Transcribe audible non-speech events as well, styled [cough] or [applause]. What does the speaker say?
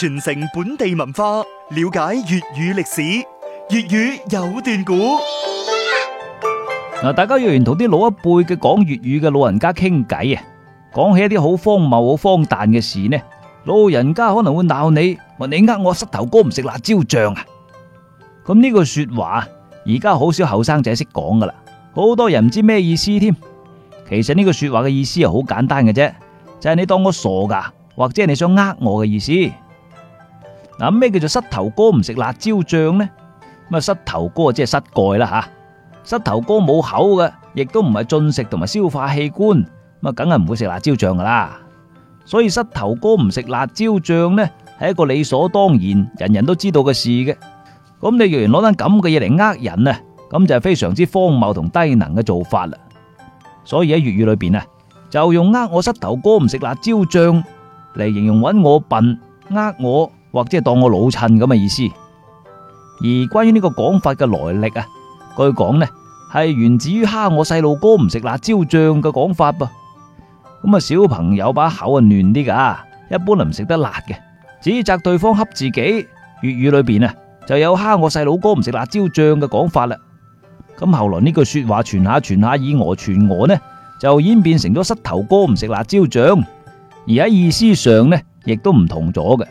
傳承本地文化，了解粵語歷史。粵語有段古嗱， [noise] 大家若然同啲老一輩嘅講粵語嘅老人家傾偈啊，講起一啲好荒謬、好荒誕嘅事呢。老人家可能會鬧你，話你呃我膝頭哥唔食辣椒醬啊。咁呢句說話，而家好少後生仔識講噶啦，好多人唔知咩意思添。其實呢句說話嘅意思係好簡單嘅啫，就係、是、你當我傻噶，或者你想呃我嘅意思。嗱，咩叫做膝頭哥唔食辣椒醬呢？咁啊，膝頭哥即係膝蓋啦吓，膝頭哥冇口嘅，亦都唔係進食同埋消化器官，咁啊，梗係唔會食辣椒醬噶啦。所以膝頭哥唔食辣椒醬呢，係一個理所當然，人人都知道嘅事嘅。咁你若然攞住咁嘅嘢嚟呃人啊，咁就係非常之荒謬同低能嘅做法啦。所以喺粵語裏邊啊，就用呃我膝頭哥唔食辣椒醬嚟形容搵我笨，呃我。或者係當我老襯咁嘅意思。而關於呢個講法嘅來歷啊，據講呢係源自於蝦我細路哥唔食辣椒醬嘅講法噃。咁啊，小朋友把口啊嫩啲噶，一般啊唔食得辣嘅。指責對方恰自己，粵語裏邊啊就有蝦我細路哥唔食辣椒醬嘅講法啦。咁後來呢句說話傳下傳下，以訛傳訛呢就演變成咗膝頭哥唔食辣椒醬，而喺意思上呢亦都唔同咗嘅。